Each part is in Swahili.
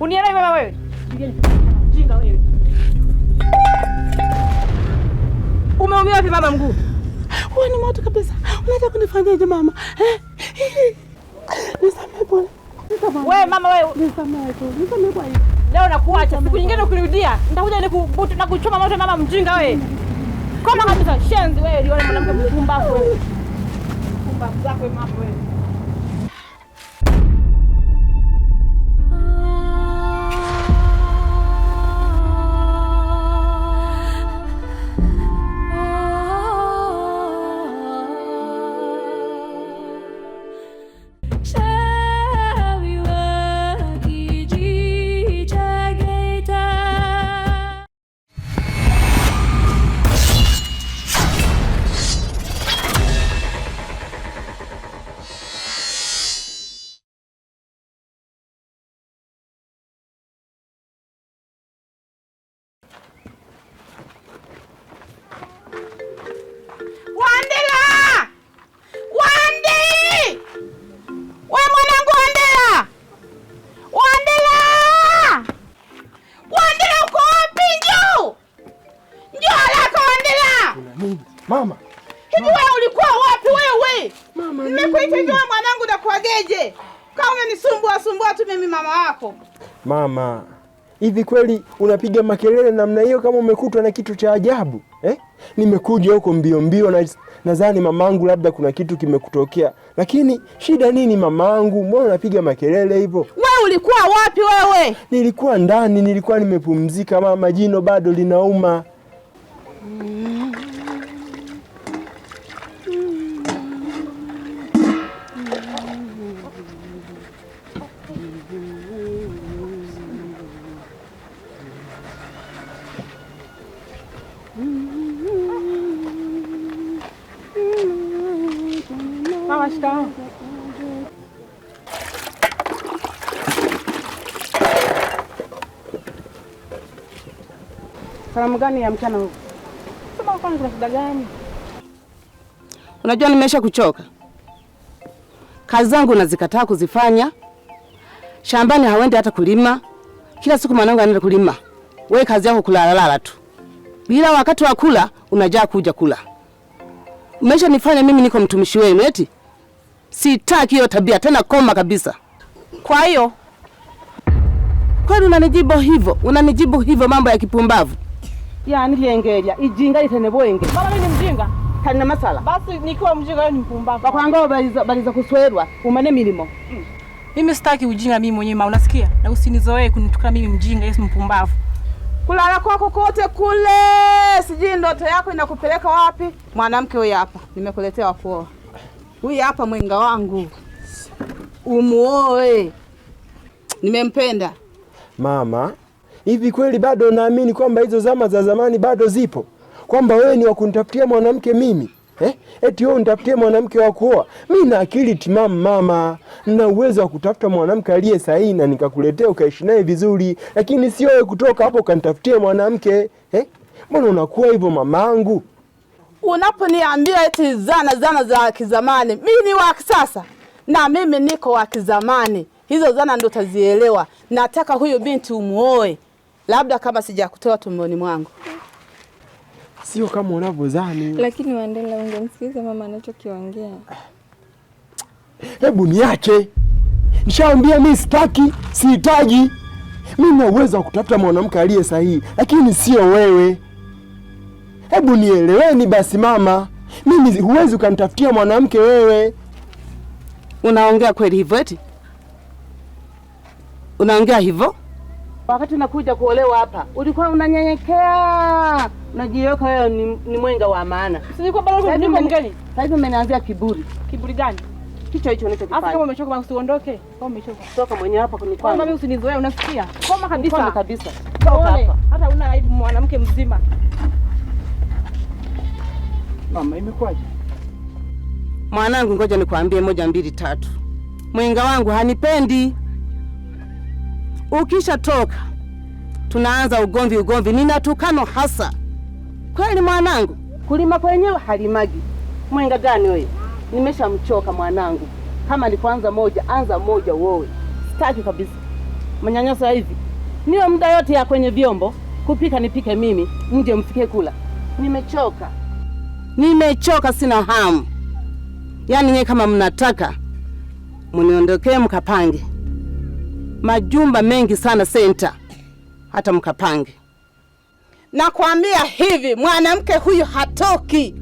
Unielewi mama wewe? Jinga wewe. Umeumia wapi mama mguu? Wewe ni moto kabisa. Unataka kunifanyaje mama? Eh? Nisamehe pole. Wewe mama wewe. Nisamehe tu. Nisamehe bwana. Leo nakuacha. Siku nyingine ukirudia, nitakuja nikubutu na kuchoma moto mama mjinga wewe. Koma kabisa, shenzi wewe, liona mwanamke mpumbavu wewe. Mpumbavu zako mama wewe. Mama. Hivi wewe ulikuwa wapi wewe? Mama. Nimekuita hivi wewe mwanangu na kuageje? Kama unanisumbua sumbua tu mimi mama wako. Mama. Hivi kweli unapiga makelele namna hiyo kama umekutwa na kitu cha ajabu eh? Nimekuja huko mbio mbio na nadhani mamangu labda kuna kitu kimekutokea, lakini shida nini mamangu? Mbona unapiga makelele hivyo? Wewe ulikuwa wapi wewe? Nilikuwa ndani, nilikuwa nimepumzika mama, jino bado linauma mm. salamu gani ya mchana huu? Sema kwani kuna shida gani? Unajua nimesha kuchoka, kazi zangu nazikataa kuzifanya, shambani hawendi hata kulima, kila siku mwanangu anaenda kulima, we kazi yako kulalalala tu, bila wakati wa kula unajaa kuja kula. Umesha nifanya mimi niko mtumishi wenu, eti sitaki hiyo tabia tena, koma kabisa. Kwa hiyo kwani unanijibu hivyo, unanijibu hivyo, mambo ya kipumbavu. Yani liengelia ijinga itene litenebwenge bala mimi mjinga kani na masala basi nikiwa mjinga ni mpumbavu bakwanga baliza, baliza kuswerwa umane milimo mm. Mimi sitaki ujinga mimi mwenyewe ma unasikia na usinizoee kunitukana mimi mjinga Yesu mpumbavu kulala kwako kote kule sijui ndoto yako inakupeleka wapi mwanamke huyu hapa nimekuletea kuoa huyu hapa mwenga wangu umuoe nimempenda mama Hivi kweli bado naamini kwamba hizo zama za zamani bado zipo, kwamba wewe ni wakunitafutia mwanamke mimi eh? Eti wewe unitafutie mwanamke wa kuoa? Mimi na akili timamu mama, na uwezo wa kutafuta mwanamke aliye sahihi na nikakuletea ukaishi naye vizuri, lakini sio wewe kutoka hapo kanitafutie mwanamke eh? Mbona unakuwa hivyo mamangu? Unaponiambia eti zana zana za kizamani, mimi ni wa kisasa na mimi niko wa kizamani. Hizo zana ndo utazielewa. Nataka huyo binti umuoe labda kama sijakutoa tumboni mwangu. Sio kama unavyozani. Lakini Wandela, ungemsikiza mama anachokiongea. Hebu niache, nishaambia mi sitaki, sihitaji. Mi na uwezo wa kutafuta mwanamke aliye sahihi, lakini sio wewe. Hebu nieleweni basi mama, mimi huwezi ukanitafutia mwanamke wewe. Unaongea kweli hivyo? Eti unaongea hivyo? Wakati nakuja kuolewa hapa ulikuwa unanyenyekea, unajiweka wewe ni, ni mwenga wa maana. Sasa hivi umenianzia kiburi. Kiburi gani? Kicho hicho unachokifanya. Hata kama umechoka basi uondoke. Kama umechoka. Toka mwenye hapa kunikwama. Mama mimi usinizoee unasikia? Koma kabisa. Koma kabisa. Toka hapa. Hata una aibu mwanamke mzima. Mama imekwaje? Mwanangu, ngoja nikwambie moja mbili tatu. Mwenga wangu hanipendi. Ukishatoka tunaanza ugomvi ugomvi, ninatukano hasa kweli. Mwanangu, kulima kwenyewe halimagi. Mwenga gani wewe? Nimeshamchoka mwanangu, kama alipoanza moja, anza moja wowe. Sitaki kabisa manyanyaso hivi. Niwe muda yote ya kwenye vyombo, kupika nipike mimi, mje mfike kula. Nimechoka, nimechoka, sina hamu. Yaani nyie kama mnataka muniondokee mkapange majumba mengi sana senta, hata mkapange. Nakwambia hivi, mwanamke huyu hatoki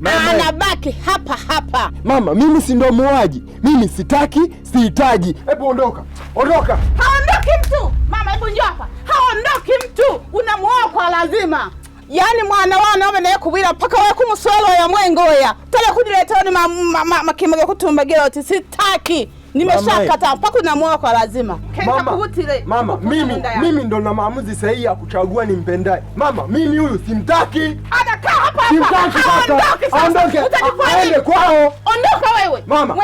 Mama, anabaki hapa hapa. Mama, mimi si ndo muuaji? Mimi sitaki, sihitaji. Hebu ondoka, ondoka. Haondoki mtu mama, hebu njoo hapa. Haondoki mtu, unamuoa kwa lazima. Yaani mwana wanawe naye kubwira mpaka we kumuswelo ya mwengoya tale kudiletoni makimoge ma, ma, kutumbagira uti sitaki Nimeshakataa mpaka unamwoa kwa lazima. Mama, mama mimi, mimi ndo na maamuzi sahihi ya kuchagua nimpendaye. Mama mimi huyu simtaki. Anakaa hapa hapa. Aende kwao. Ondoka wewe. Mama,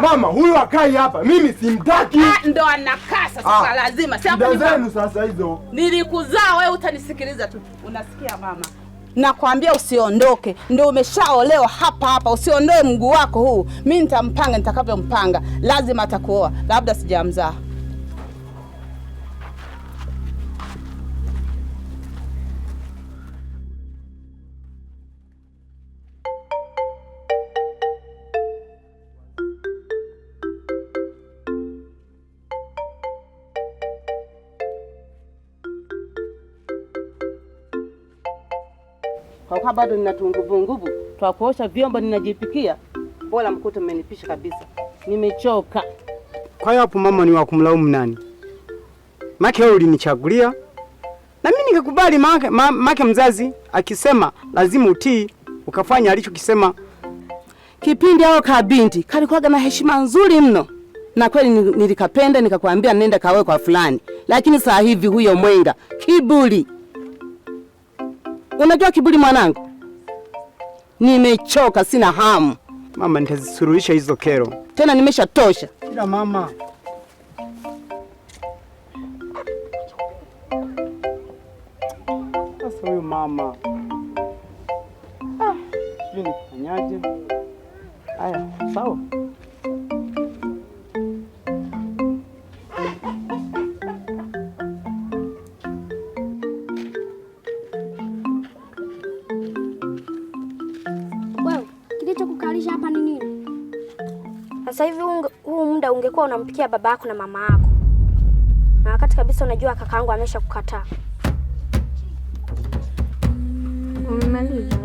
mama huyu akai hapa. Mimi simtaki. Ndo anakaa sasa ah, lazima. Sasa hizo. Nilikuzaa wewe utanisikiliza tu. Unasikia mama? nakwambia usiondoke, ndio umeshaolewa hapa hapa. Usiondoe mguu wako huu, mi nitampanga nitakavyompanga, lazima atakuoa. Labda sijamzaa kwa kuwa bado nina nguvu twa kuosha vyombo ninajipikia, bora mkute mmenipisha kabisa, nimechoka. Kwa hiyo hapo mama, ni wa kumlaumu nani? Make wewe ulinichagulia na mimi nikakubali. Make, make mzazi akisema lazima utii, ukafanya alichokisema. Kipindi hao kabinti kalikuwaga na heshima nzuri mno, na kweli nilikapenda, nikakwambia nenda kawe kwa fulani, lakini saa hivi huyo mwenga kiburi Unajua kiburi, mwanangu, nimechoka, sina hamu. Mama, nitazisuluhisha hizo kero, tena nimeshatosha. Ila mama kumshughulikia baba yako na mama yako, na wakati kabisa unajua kakaangu amesha kukataa. Mmemaliza?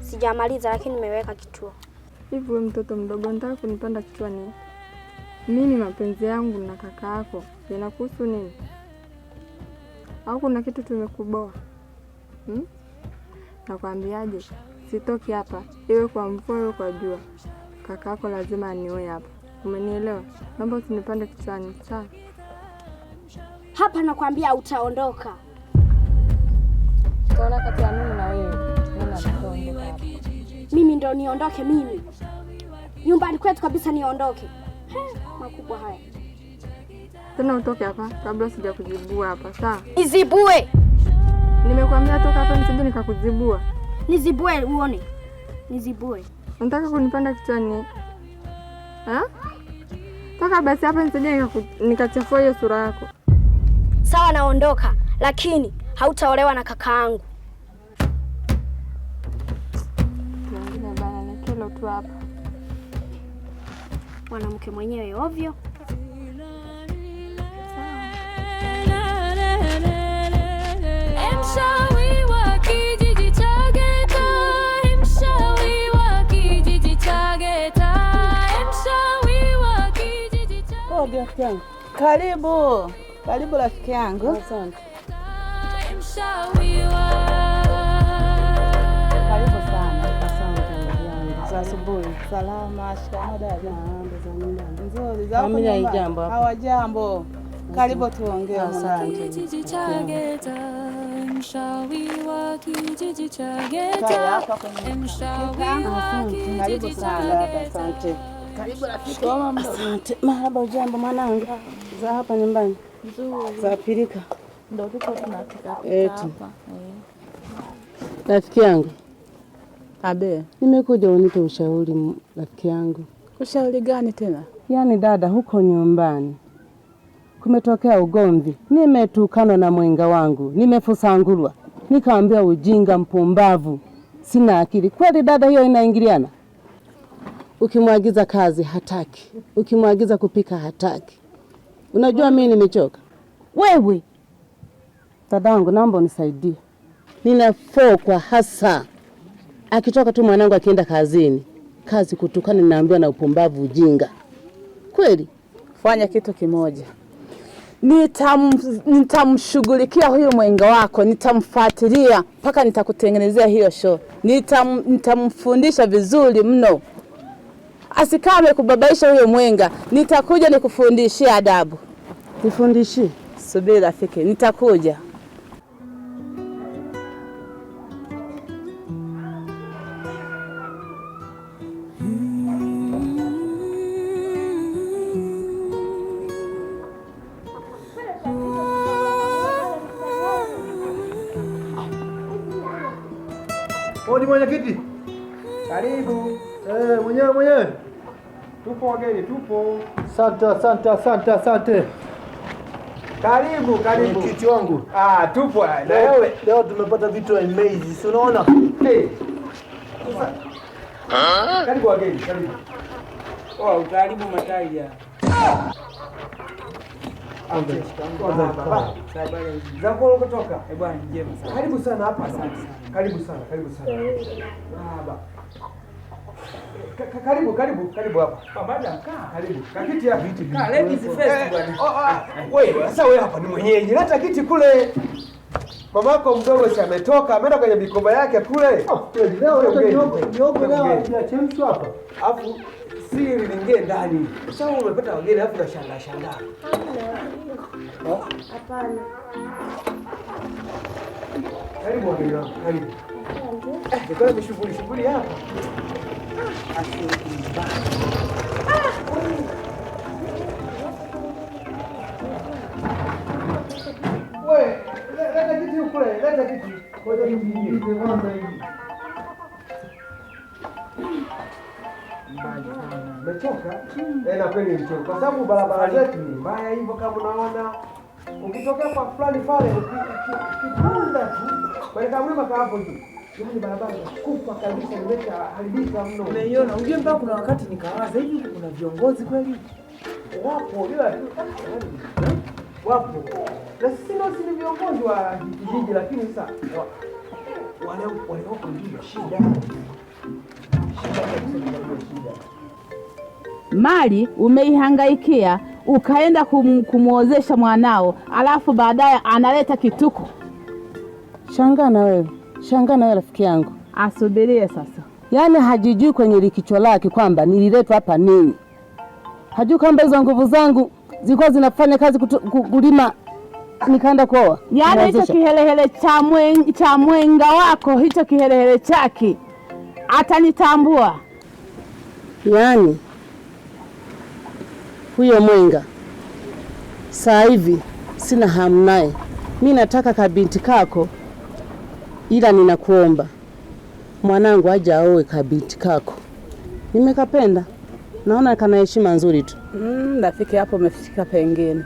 Sijamaliza, lakini nimeweka kituo. Hivi wewe mtoto mdogo, nataka kunipanda kichwani mimi? Mapenzi yangu na kaka yako yanakuhusu nini? Au kuna kitu tumekuboa hmm? Nakwambiaje, sitoki hapa, iwe kwa mvua iwe kwa jua, kaka yako lazima anioe hapa. Umenielewa? Naomba usinipande kichwani sawa? Hapa nakwambia utaondoka. Utaona kati ya mimi na wewe. Mimi ndo niondoke mimi. Nyumbani kwetu kabisa niondoke. Makubwa haya. Tena utoke hapa kabla sija kujibua hapa sawa? Izibue. Nimekwambia toka hapa nisije nikakuzibua. Nizibue uone. Nizibue. Nataka kunipanda kichwani. Ha? Paka basi hapa nisije nikachafua hiyo sura yako. Sawa, naondoka, lakini hautaolewa na kaka Tuangine kelo tu hapa, mwanamke mwenyewe ovyo. rafiki yangu. Karibu, karibu rafiki yangu. Asante. Karibu sana. Asante. Asubuhi. Salama. Shikamoo dada. Nzuri Hawajambo. Karibu tuongee. Asante. wa kijiji cha Geta. Asante. Asante. Marahaba, ujambo mwanangu? Za hapa nyumbani? Nzuri. Za pilika. Ndio tuko tunapika hapa. Eh. Rafiki yangu. Abe, nimekuja unipe ushauri rafiki yangu. Ushauri gani tena? Yaani dada, huko nyumbani kumetokea ugomvi, nimetukanwa na mwenga wangu, nimefusangulwa, nikaambia ujinga, mpumbavu, sina akili. Kweli dada, hiyo inaingiliana? Ukimwagiza kazi hataki, ukimwagiza kupika hataki. Unajua mimi nimechoka. Wewe dadangu, naomba unisaidie, ninafokwa hasa akitoka tu mwanangu akienda kazini, kazi kutukana, ninaambiwa na upumbavu, ujinga kweli. Fanya kitu kimoja, nitamshughulikia huyu mwenga wako, nitamfuatilia mpaka nitakutengenezea hiyo show, nitamfundisha vizuri mno asikaa amekubabaisha huyo mwenga. Nitakuja nikufundishie adabu. Nifundishie? Subiri rafiki, nitakuja. Odi mwenyekiti, karibu. Eh, mwenyewe mwenyewe Tupo wageni, tupo. Asante, asante, asante, asante. Karibu, karibu. Kiti wangu. Ah, tupo na wewe. Leo tumepata vitu amazing, si unaona? Hey. Ah. Karibu wageni, karibu. Oh, utaharibu matai ya. Ah, Zako kutoka? Eh, bwana, njema sana. Karibu sana hapa, asante sana. Karibu sana, karibu sana. Ah, baba. Karibu, karibu, karibu hapa. Madam, kaa. Karibu. Kakiti hapa. kiti. Kaa, ladies first bwana. Eh, oh, oh, oh, Wewe, sasa wewe hapa ni mwenyeji. Leta kiti kule. Mama yako mdogo si ametoka, ameenda kwenye mikoba yake kule. Leo leo Niogo ya chemsu hapa. Alafu siri ningie ndani. Sasa umepata wageni alafu unashangaa shangaa. Hapana. Oh. Karibu wageni wangu, karibu. Eh, nilikuwa na shughuli shughuli hapa. Mechoka na kweli mchoka, kwa sababu barabara zetu ni mbaya hivyo, kama unaona ukitokea kwa fulani pale, ukipunza tu kwenye kamwima kahapo juu yaani barabara kufa kabisa, imeharibika mno. Umeiona? mpaka kuna wakati nikawaza hivi, kuna viongozi kweli wapo yaani, wapo, na sisi viongozi wa lakini sasa ndio shida mali umeihangaikia ukaenda kum, kumwozesha mwanao alafu baadaye analeta kituko. Shangaa na wewe. Shangaa nawe rafiki yangu, asubirie sasa. Yaani hajijui kwenye likicho lake kwamba nililetwa hapa nini. Hajui kwamba hizo nguvu zangu zilikuwa zinafanya kazi kulima nikaenda kuoa. Yaani hicho kihelehele cha cha mwenga wako hicho kihelehele chake atanitambua. Yaani huyo mwenga saa hivi sina hamu naye, mi nataka kabinti kako ila ninakuomba mwanangu aje aoe kabiti kako, nimekapenda naona kana heshima nzuri tu. Mm, rafiki, hapo umefika. Pengine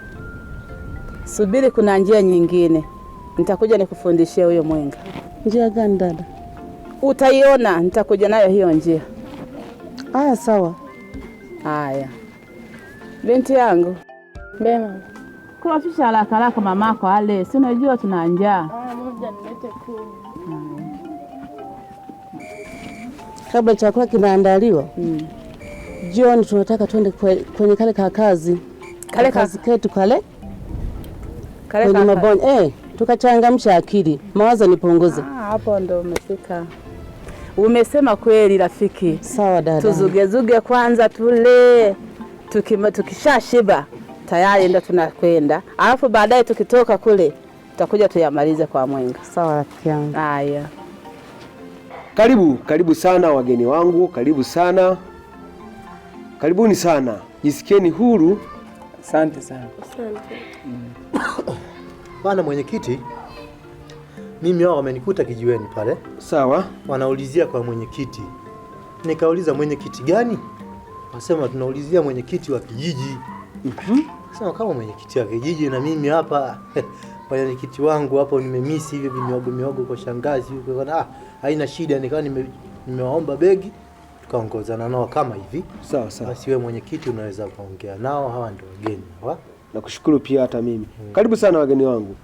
subiri, kuna njia nyingine, nitakuja nikufundishie huyo mwenga. Njia gani dada? Utaiona, nitakuja nayo hiyo njia. Aya, sawa. Haya binti yangu. Bema, kuwafisha haraka haraka mamako ale, si unajua tuna njaa. Aya, ah, nilete kabla chakula kinaandaliwa mm. Jioni tunataka twende kwenye kale kakazi kale kazi ketu kale kale kwenye mabonde eh, tukachangamsha akili mawazo nipunguze. Ah, hapo ndo umefika. Umesema kweli rafiki. Sawa dada, tuzugezuge kwanza tule, tukishashiba tayari ndo tunakwenda, alafu baadaye tukitoka kule tutakuja tuyamalize kwa mwenga. Sawa rafiki yangu. Haya. Karibu, karibu sana wageni wangu, karibu sana, karibuni sana, jisikieni huru. Asante sana. Asante. Mm. Bwana mwenyekiti, mimi hao wamenikuta kijiweni pale. Sawa. Wanaulizia kwa mwenyekiti, nikauliza mwenyekiti gani? Wasema tunaulizia mwenyekiti wa kijiji. mm -hmm. Sema kama mwenyekiti wa kijiji na mimi hapa mwenyekiti wangu hapo, nimemisi hivyo vimiogo miogo kwa shangazi yuko, ah, haina shida. Nikawa nimewaomba nime begi, tukaongozana nao kama hivi. Sawa sawa, basi wewe mwenyekiti unaweza kuongea nao, hawa ndio wageni hawa. Nakushukuru pia hata mimi hmm. Karibu sana wageni wangu.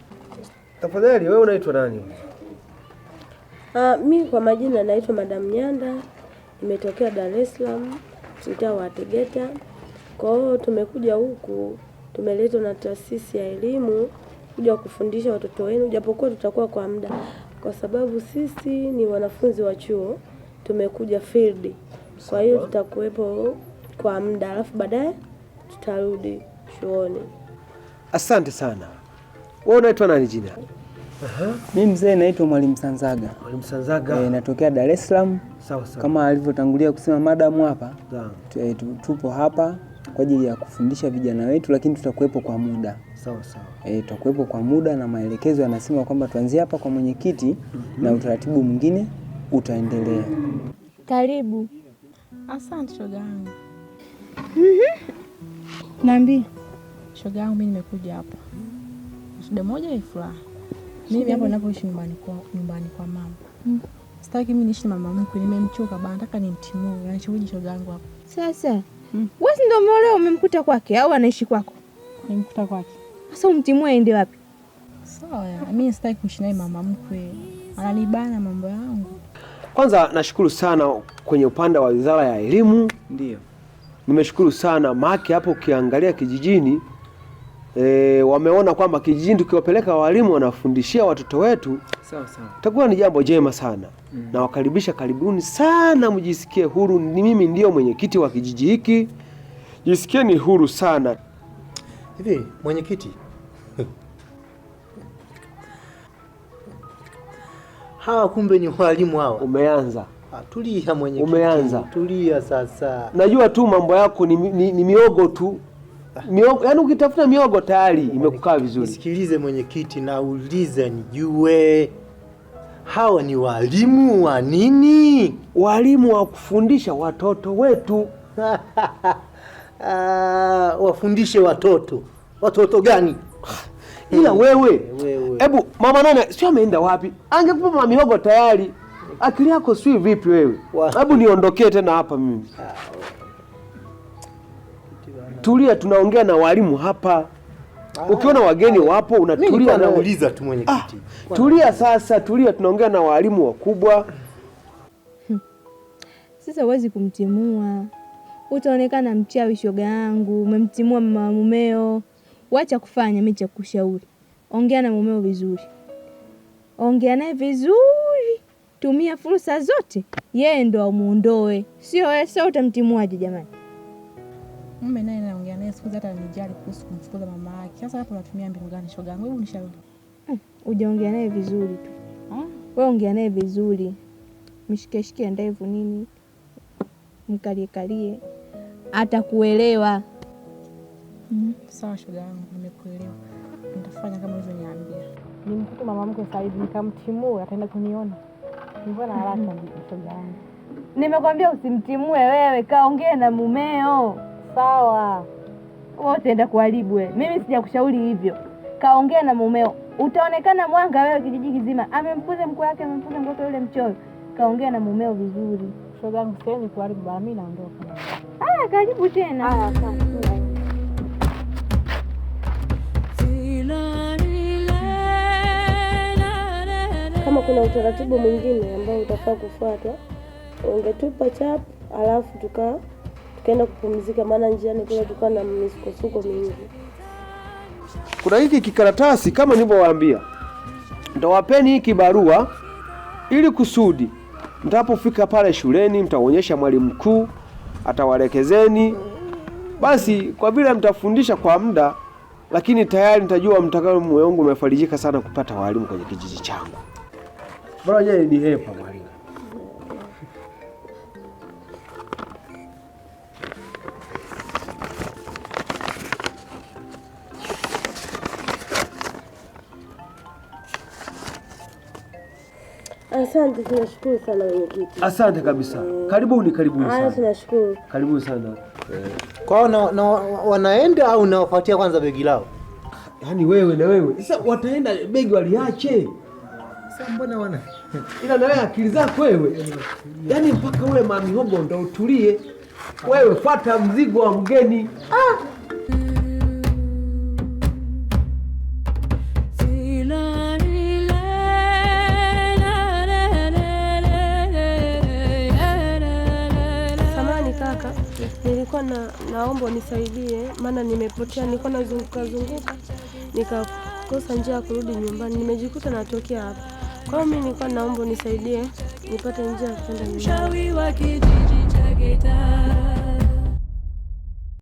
Tafadhali wewe unaitwa nani? Ah, mimi kwa majina naitwa Madam Nyanda, nimetokea Dar es Salaam mtaa wa Tegeta. Kwa hiyo tumekuja huku tumeletwa na taasisi ya elimu kuja kufundisha watoto wenu, japokuwa tutakuwa kwa muda, kwa sababu sisi ni wanafunzi wa chuo, tumekuja field. Kwa hiyo tutakuwepo kwa muda, alafu baadaye tutarudi chuoni. Asante sana. Wewe unaitwa nani jina? Mimi mzee naitwa Mwalimu Sanzaga. Mwalimu Sanzaga. E, natokea Dar es Salaam. Sawa sawa. Kama alivyotangulia kusema madamu hapa eh, tupo hapa kwa ajili ya kufundisha vijana wetu, lakini tutakuwepo kwa muda sawa sawa. E, tutakuwepo kwa muda na maelekezo yanasema kwamba tuanzie hapa kwa mwenyekiti mm -hmm. na mhm. utaratibu mwingine utaendelea. Karibu. Asante shoga yangu. mm -hmm. Naambia shoga yangu, mimi nimekuja hapa shida moja ni furaha. Mimi hapa ninapoishi nyumbani kwa nyumbani kwa mama mm. Sitaki mimi niishi na mama mkwe, nimemchoka bana, nataka nimtimue. Anachoje shoga yangu hapa sasa? Mm. Wewe ndio umeolewa umemkuta kwake au anaishi kwako? Nimkuta kwake. Sasa umtimue aende wapi? Sawa, mimi sitaki kuishi naye mama mkwe, ananibana mambo yangu. Kwanza nashukuru sana kwenye upande wa wizara ya elimu, ndio nimeshukuru sana maki hapo. Ukiangalia kijijini e, wameona kwamba kijijini tukiwapeleka walimu wanafundishia watoto wetu sawa sawa, itakuwa ni jambo jema sana mm. na wakaribisha, karibuni sana, mjisikie huru. Ni mimi ndio mwenyekiti wa kijiji hiki, jisikieni huru sana. Hivi mwenyekiti hawa kumbe ni walimu hawa. Umeanza. Ah, tulia mwenye umeanza. Tulia sasa. Najua tu mambo yako ni, ni, ni miogo tu miogo, yani ukitafuta miogo tayari imekukaa vizuri. Sikilize mwenyekiti, nauliza nijue hawa ni walimu wa nini? Walimu wa kufundisha watoto wetu. Uh, wafundishe watoto. Watoto gani? Ila wewe, wewe Hebu mama nane sio ameenda wapi? Angekupa mama mihogo tayari. Akili yako si vipi wewe? Hebu niondokee tena hapa mimi. Ah, tulia, tunaongea na walimu hapa. Ah. Ukiona wageni ah. wapo unatulia, nauliza tu mwenyekiti. Ah, tulia sasa, tulia, tunaongea na walimu wakubwa. Hmm. Sasa huwezi kumtimua, utaonekana mchawi. Shoga yangu, umemtimua mama mumeo. Wacha kufanya, mimi cha kushauri ongea na mumeo vizuri, ongea naye vizuri, tumia fursa zote, yeye ndo amuondoe, sio wewe. Sasa utamtimuaje jamani? Mume naye naongea naye siku hata anijali kuhusu kumfukuza mama yake. Sasa hapo natumia mbinu gani? Shoga yangu, hebu nishauri. Hmm, Ujaongea naye vizuri tu, hmm? wewe ongea naye vizuri, mshikeshike ndevu nini, mkaliekalie, atakuelewa. Mm-hmm. Sawa shoga yangu, nimekuelewa kufanya kama ulivyoniambia. mkuku mama mkwe hivi, nikamtimua ataenda kuniona. Mbona haraka mshoga wangu? Nimekwambia usimtimue wewe, kaongee na mumeo sawa. Wewe utaenda kuharibu wewe. Mimi sijakushauri hivyo, kaongea na mumeo utaonekana mwanga wewe, kijiji kizima. Amemfuze mkwe wake, amemfuze mtoto yule mchoyo. Kaongea na mumeo vizuri. Shoga yangu, kuharibu mimi naondoka. Ah, karibu tena. Ah, sawa. kama kuna utaratibu mwingine ambao utafaa kufuatwa, ungetupa chap alafu tuka tukaenda kupumzika, maana njiani kule tukawa na misukosuko mingi. Kuna hiki kikaratasi kama nilivyowaambia, ntawapeni hiki barua ili kusudi mtapofika pale shuleni mtaonyesha mwalimu mkuu, atawaelekezeni. Basi kwa vile mtafundisha kwa muda, lakini tayari nitajua mtakao, moyo wangu umefarijika sana kupata walimu kwenye kijiji changu. Bora je ni hepa mwalimu. Asante, tunashukuru sana wenyekiti. Asante kabisa. Mm. Karibuni, karibuni sana. Tunashukuru. Karibuni sana. Kwa na, na wanaenda au nawafuatia kwanza begi lao? Yaani wewe na wewe. Sasa wataenda begi waliache. Mm. Sasa mbona wana ila nawe akili zako wewe, yaani mpaka ule mamihogo ndo utulie wewe, fuata mzigo wa mgeni ah! Nilikuwa na naomba nisaidie, maana nimepotea, nilikuwa nazunguka zunguka, nikakosa njia ya kurudi nyumbani, nimejikuta natokea hapa. Kwa mimi nilikuwa naomba unisaidie nipate njia ya kwenda nyumbani.